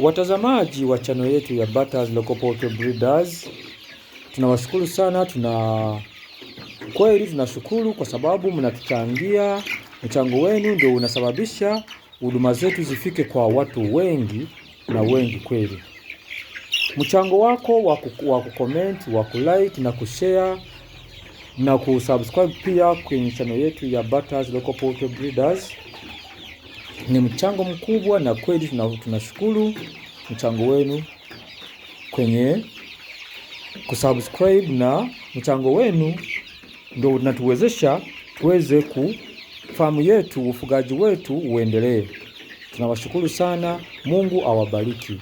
Watazamaji wa chano yetu ya Batas Local Poultry Breeders, tunawashukuru sana. Tuna kweli tunashukuru kwa sababu mnatuchangia, mchango wenu ndio unasababisha huduma zetu zifike kwa watu wengi na wengi kweli. Mchango wako wa kukomenti, wa kulike na kushare na kusubscribe pia kwenye chano yetu ya Batas Local Poultry Breeders ni mchango mkubwa, na kweli tunashukuru mchango wenu kwenye kusubscribe, na mchango wenu ndio unatuwezesha tuweze kufahamu yetu ufugaji wetu uendelee. Tunawashukuru sana, Mungu awabariki.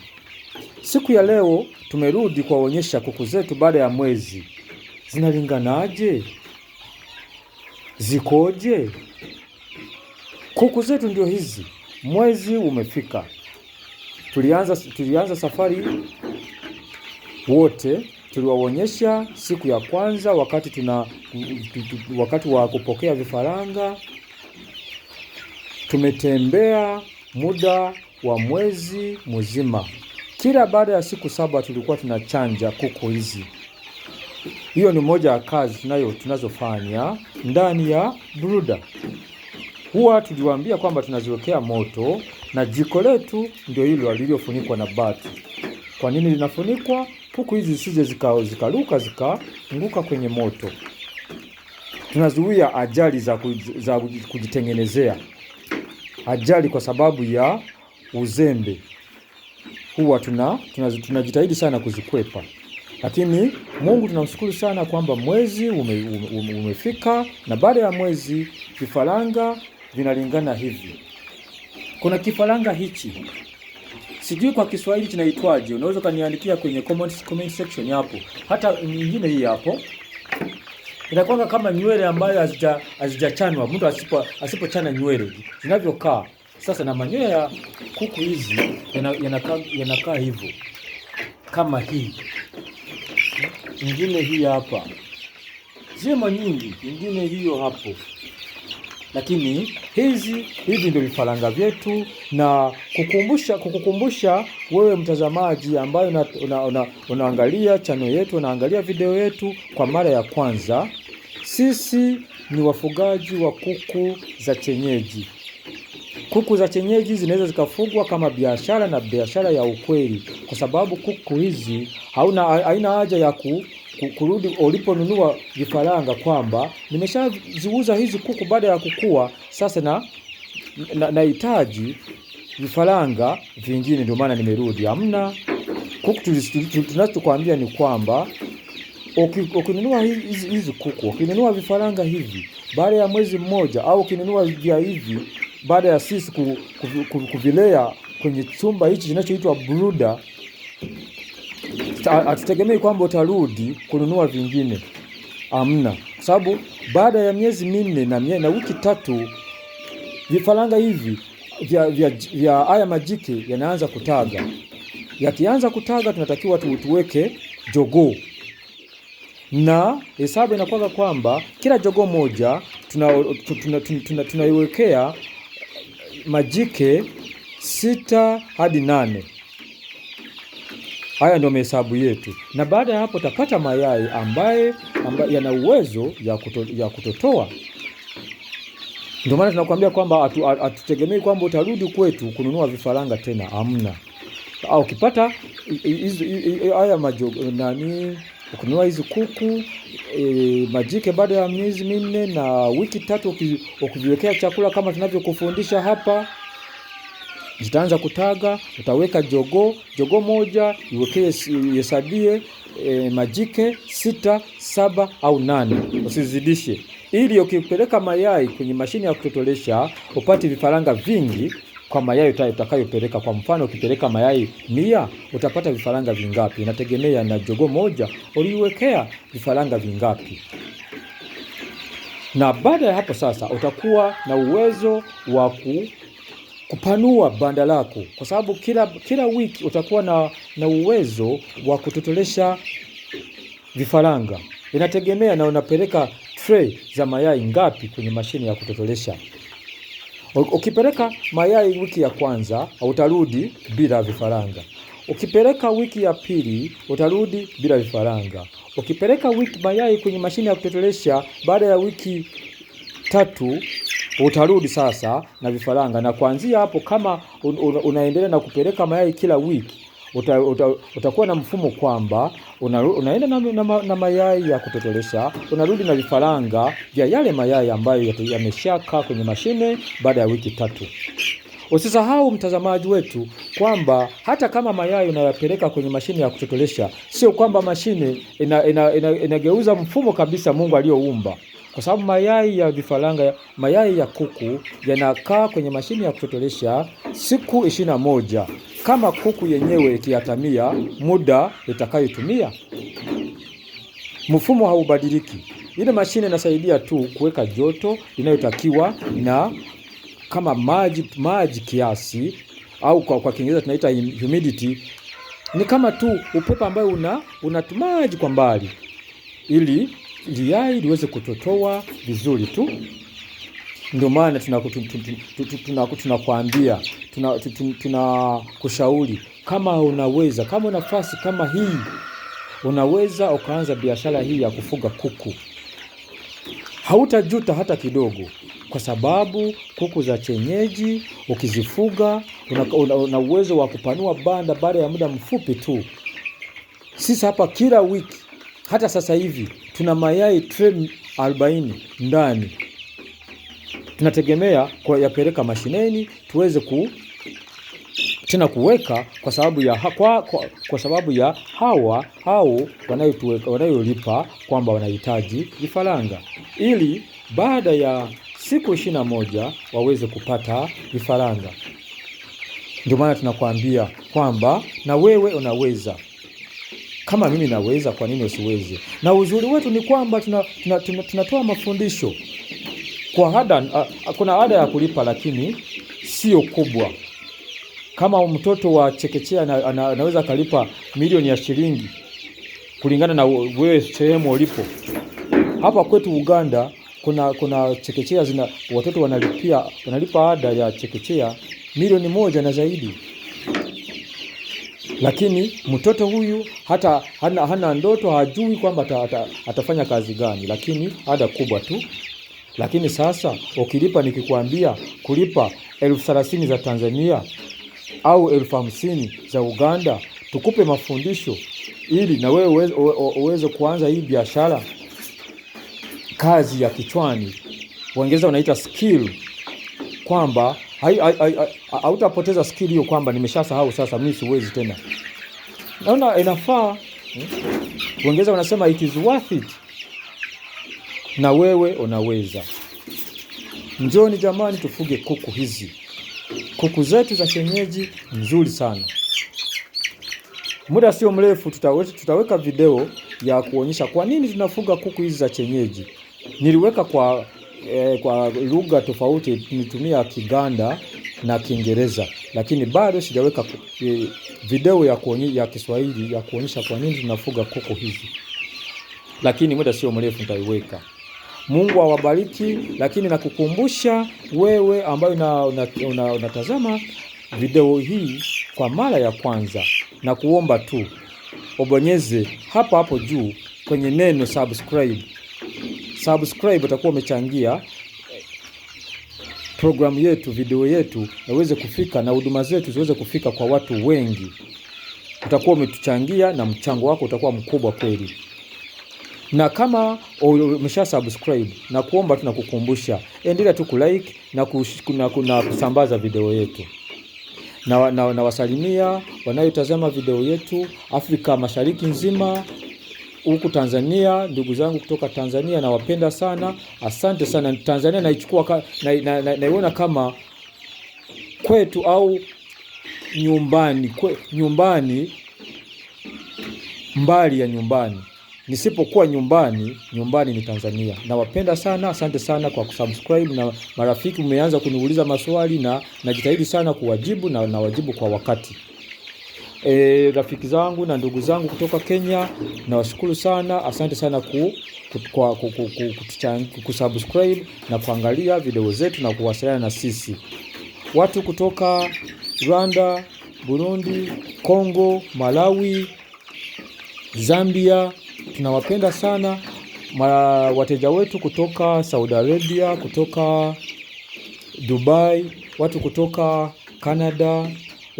Siku ya leo tumerudi kuwaonyesha kuku zetu baada ya mwezi, zinalinganaje, zikoje? Kuku zetu ndio hizi. Mwezi umefika, tulianza, tulianza safari wote tuliwaonyesha siku ya kwanza wakati tuna wakati wa kupokea vifaranga. Tumetembea muda wa mwezi mzima. Kila baada ya siku saba tulikuwa tunachanja kuku hizi. Hiyo ni moja ya kazi tunayo tunazofanya ndani ya bruda huwa tuliwaambia kwamba tunaziwekea moto na jiko letu ndio hilo lililofunikwa na bati. Kwa nini linafunikwa? Kuku hizi zisije zikaruka zikaanguka kwenye moto. Tunazuia ajali za, kuj, za kujitengenezea ajali kwa sababu ya uzembe, huwa tuna, tuna, sana kuzikwepa, lakini Mungu tunamshukuru sana kwamba mwezi ume, ume, umefika na baada ya mwezi vifaranga vinalingana hivi. Kuna kifaranga hichi, sijui kwa Kiswahili kinaitwaje, unaweza ukaniandikia kwenye comments, comment section hapo. Hata nyingine hii hapo inakuwa kama nywele ambayo hazijachanwa, mtu asipo asipochana nywele zinavyokaa. Sasa na manyoya ya kuku hizi yanakaa yana hivyo kama hii ingine hii hapa zima nyingi, ingine hiyo hapo lakini hizi hivi ndio vifaranga vyetu, na kukumbusha kukukumbusha wewe mtazamaji ambaye una, una, una, unaangalia chano yetu unaangalia video yetu kwa mara ya kwanza, sisi ni wafugaji wa kuku za chenyeji. Kuku za chenyeji zinaweza zikafugwa kama biashara na biashara ya ukweli, kwa sababu kuku hizi hauna haina haja ya ku kurudi uliponunua vifaranga kwamba nimeshaziuza hizi kuku baada ya kukua, sasa na nahitaji na vifaranga vingine, ndio maana nimerudi. Hamna kuku, tunachokwambia ni kwamba ukinunua hizi kuku, ukinunua vifaranga hivi baada ya mwezi mmoja, au ukinunua vya hivi baada ya sisi kuvilea kwenye chumba hichi kinachoitwa bruda hatutegemei kwamba utarudi kununua vingine, amna, kwa sababu baada ya miezi minne na, na wiki tatu vifaranga hivi vya, vya, vya haya majike yanaanza kutaga. Yakianza kutaga, tunatakiwa tuweke jogoo na hesabu inakuwa kwamba kila jogoo moja tunaiwekea tuna, tuna, tuna, tuna majike sita hadi nane. Haya ndio mahesabu yetu, na baada ya hapo tapata mayai ambaye, ambaye yana uwezo ya, kuto, ya kutotoa. Ndio maana tunakuambia kwamba hatutegemei atu, kwamba utarudi kwetu kununua vifaranga tena, amna Au ukipata haya majogo nani kununua hizi kuku e, majike baada ya miezi minne na wiki tatu, ukiviwekea chakula kama tunavyokufundisha hapa zitaanza kutaga, utaweka jogo jogo moja iwekee, ihesabie e, majike sita, saba au nane, usizidishe, ili ukipeleka mayai kwenye mashine ya kutotolesha upate vifaranga vingi kwa mayai utakayopeleka. Kwa mfano, ukipeleka mayai mia utapata vifaranga vingapi? Inategemea na jogo moja uliwekea vifaranga vingapi. Na baada ya hapo sasa utakuwa na uwezo wa kupanua banda lako, kwa sababu kila, kila wiki utakuwa na, na uwezo wa kutotolesha vifaranga. Inategemea na unapeleka tray za mayai ngapi kwenye mashine ya kutotolesha. Ukipeleka mayai wiki ya kwanza utarudi bila vifaranga. Ukipeleka wiki ya pili utarudi bila vifaranga. Ukipeleka wiki mayai kwenye mashine ya kutotolesha, baada ya wiki tatu utarudi sasa na vifaranga, na kuanzia hapo kama un, un, unaendelea na kupeleka mayai kila wiki uta, uta, utakuwa na mfumo kwamba una, unaenda na, na, na mayai ya kutotolesha, unarudi na vifaranga vya yale mayai ambayo ya kwenye mashine baada ya wiki tatu. Usisahau mtazamaji wetu kwamba hata kama mayai unayapeleka kwenye mashine ya kutotolesha, sio kwamba mashine inageuza ina, ina, ina mfumo kabisa Mungu aliyoumba kwa sababu mayai ya vifaranga, mayai ya kuku yanakaa kwenye mashine ya kutotolesha siku ishirini na moja kama kuku yenyewe ikiyatamia muda itakayotumia. Mfumo haubadiliki, ile mashine inasaidia tu kuweka joto inayotakiwa na kama maji maji kiasi, au kwa, kwa Kiingereza tunaita humidity. Ni kama tu upepo ambayo una unatumaji kwa mbali ili liai liweze kutotoa vizuri tu. Ndio maana tunakuambia, tunakushauri kama unaweza, kama nafasi kama hii unaweza ukaanza biashara hii ya kufuga kuku. Hautajuta hata kidogo, kwa sababu kuku za chenyeji ukizifuga una uwezo wa kupanua banda baada ya muda mfupi tu. Sisi hapa kila wiki, hata sasa hivi tuna mayai tray 40 ndani, tunategemea yapeleka mashineni tuweze ku tena kuweka kwa sababu ya, kwa, kwa, kwa sababu ya hawa hao wanayolipa kwamba wanahitaji vifaranga ili baada ya siku ishirini na moja waweze kupata vifaranga. Ndio maana tunakwambia kwamba na wewe unaweza kama mimi naweza, kwa nini usiwezi? Na uzuri wetu ni kwamba tunatoa tuna, tuna, tuna, mafundisho kwa ada. Uh, kuna ada ya kulipa lakini sio kubwa. Kama mtoto wa chekechea na, ana, anaweza akalipa milioni ya shilingi kulingana na wewe sehemu ulipo. Hapa kwetu Uganda kuna kuna chekechea zina watoto wanalipia wanalipa ada ya chekechea milioni moja na zaidi lakini mtoto huyu hata hana, hana ndoto, hajui kwamba ata, ata, atafanya kazi gani, lakini ada kubwa tu. Lakini sasa ukilipa, nikikwambia kulipa elfu thelathini za Tanzania au elfu hamsini za Uganda, tukupe mafundisho ili na wewe uweze kuanza hii biashara, kazi ya kichwani, Waingereza wanaita skill, kwamba hautapoteza skill hiyo, kwamba nimeshasahau sasa, mimi siwezi tena. Naona inafaa hmm? Uingereza wanasema it is worth it, na wewe unaweza. Njoni jamani, tufuge kuku hizi, kuku zetu za kienyeji nzuri sana. Muda sio mrefu tutaweka video ya kuonyesha kwa nini tunafuga kuku hizi za kienyeji. Niliweka kwa e, kwa lugha tofauti tumetumia Kiganda na Kiingereza, lakini bado sijaweka e, video ya, kuonye, ya Kiswahili ya kuonyesha kwa nini tunafuga kuku hizi, lakini muda sio mrefu nitaiweka. Mungu awabariki, lakini nakukumbusha wewe ambayo unatazama una, una, una video hii kwa mara ya kwanza, na kuomba tu ubonyeze hapo hapo juu kwenye neno subscribe subscribe, utakuwa umechangia programu yetu, video yetu yaweze kufika na huduma zetu ziweze kufika kwa watu wengi. Utakuwa umetuchangia na mchango wako utakuwa mkubwa kweli. Na kama umesha subscribe na kuomba, tunakukumbusha endelea tu kulike na, kush, na, na kusambaza video yetu na, na, na wasalimia wanayotazama video yetu Afrika Mashariki nzima huku Tanzania. Ndugu zangu kutoka Tanzania nawapenda sana, asante sana. Tanzania naichukua naiona na, na, na kama kwetu au nyumbani kwe, nyumbani mbali ya nyumbani nisipokuwa nyumbani, nyumbani ni Tanzania. Nawapenda sana, asante sana kwa kusubscribe na marafiki, mmeanza kuniuliza maswali na najitahidi sana kuwajibu na nawajibu kwa wakati. E, rafiki zangu na ndugu zangu kutoka Kenya nawashukuru sana, asante sana ku, kwa kusubscribe na kuangalia video zetu na kuwasiliana na sisi. Watu kutoka Rwanda, Burundi, Kongo, Malawi, Zambia tunawapenda sana. Wateja wetu kutoka Saudi Arabia, kutoka Dubai, watu kutoka Canada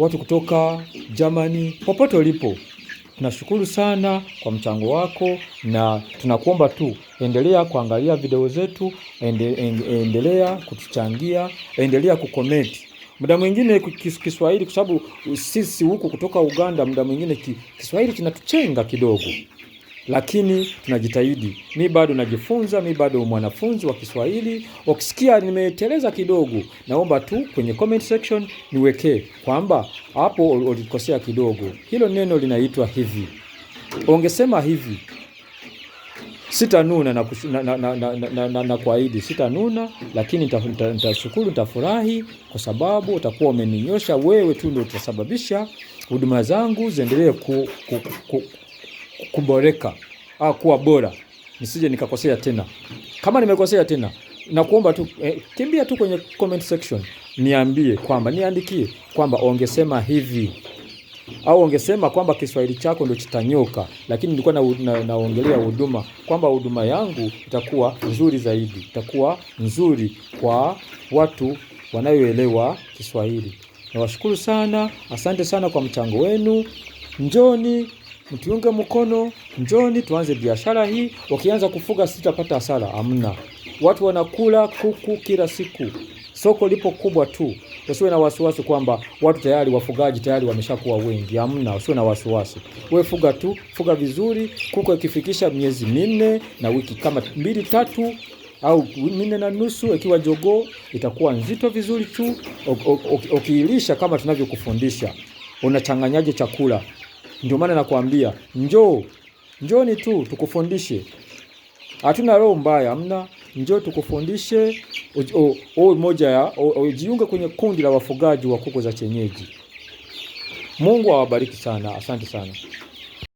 watu kutoka Germany, popote ulipo, tunashukuru sana kwa mchango wako, na tunakuomba tu endelea kuangalia video zetu, ende, endelea kutuchangia, endelea kucomment muda mwingine Kiswahili kwa sababu sisi huku kutoka Uganda, muda mwingine Kiswahili kinatuchenga kidogo lakini tunajitahidi. Mi bado najifunza, mi bado mwanafunzi wa Kiswahili. Ukisikia nimeteleza kidogo, naomba tu kwenye comment section niwekee kwamba hapo ulikosea kidogo. Hilo neno linaitwa hivi, ungesema hivi sitanuna na, na, na, na, na, na, na, kuahidi sitanuna, lakini nitashukuru, nitafurahi kwa sababu utakuwa umeninyosha. Wewe tu ndio utasababisha huduma zangu ziendelee ku, ku, ku, ku kuboreka au kuwa bora, nisije nikakosea tena. Kama nimekosea tena, nakuomba tu eh, kimbia tu kwenye comment section niambie kwamba niandikie kwamba ongesema hivi au ongesema kwamba Kiswahili chako ndio chitanyoka, lakini nilikuwa naongelea na, na huduma kwamba huduma yangu itakuwa nzuri zaidi, itakuwa nzuri kwa watu wanayoelewa Kiswahili. Nawashukuru sana, asante sana kwa mchango wenu. Njoni mtiunge mkono, njoni tuanze biashara hii. Wakianza kufuga sitapata hasara, amna. Watu wanakula kuku kila siku, soko lipo kubwa tu. Usiwe na wasiwasi kwamba watu tayari wafugaji tayari wameshakuwa wengi, amna. Usiwe na wasiwasi, wewe fuga tu, fuga vizuri. Kuku ikifikisha miezi minne na wiki kama mbili tatu au minne na nusu, ikiwa jogoo itakuwa nzito vizuri tu. Ukiilisha kama tunavyokufundisha, unachanganyaje chakula ndio maana nakwambia njoo, njoni tu tukufundishe. Hatuna roho mbaya, hamna. Njoo tukufundishe o, moja ya ujiunge kwenye kundi la wafugaji wa kuku za chenyeji. Mungu awabariki sana, asante sana.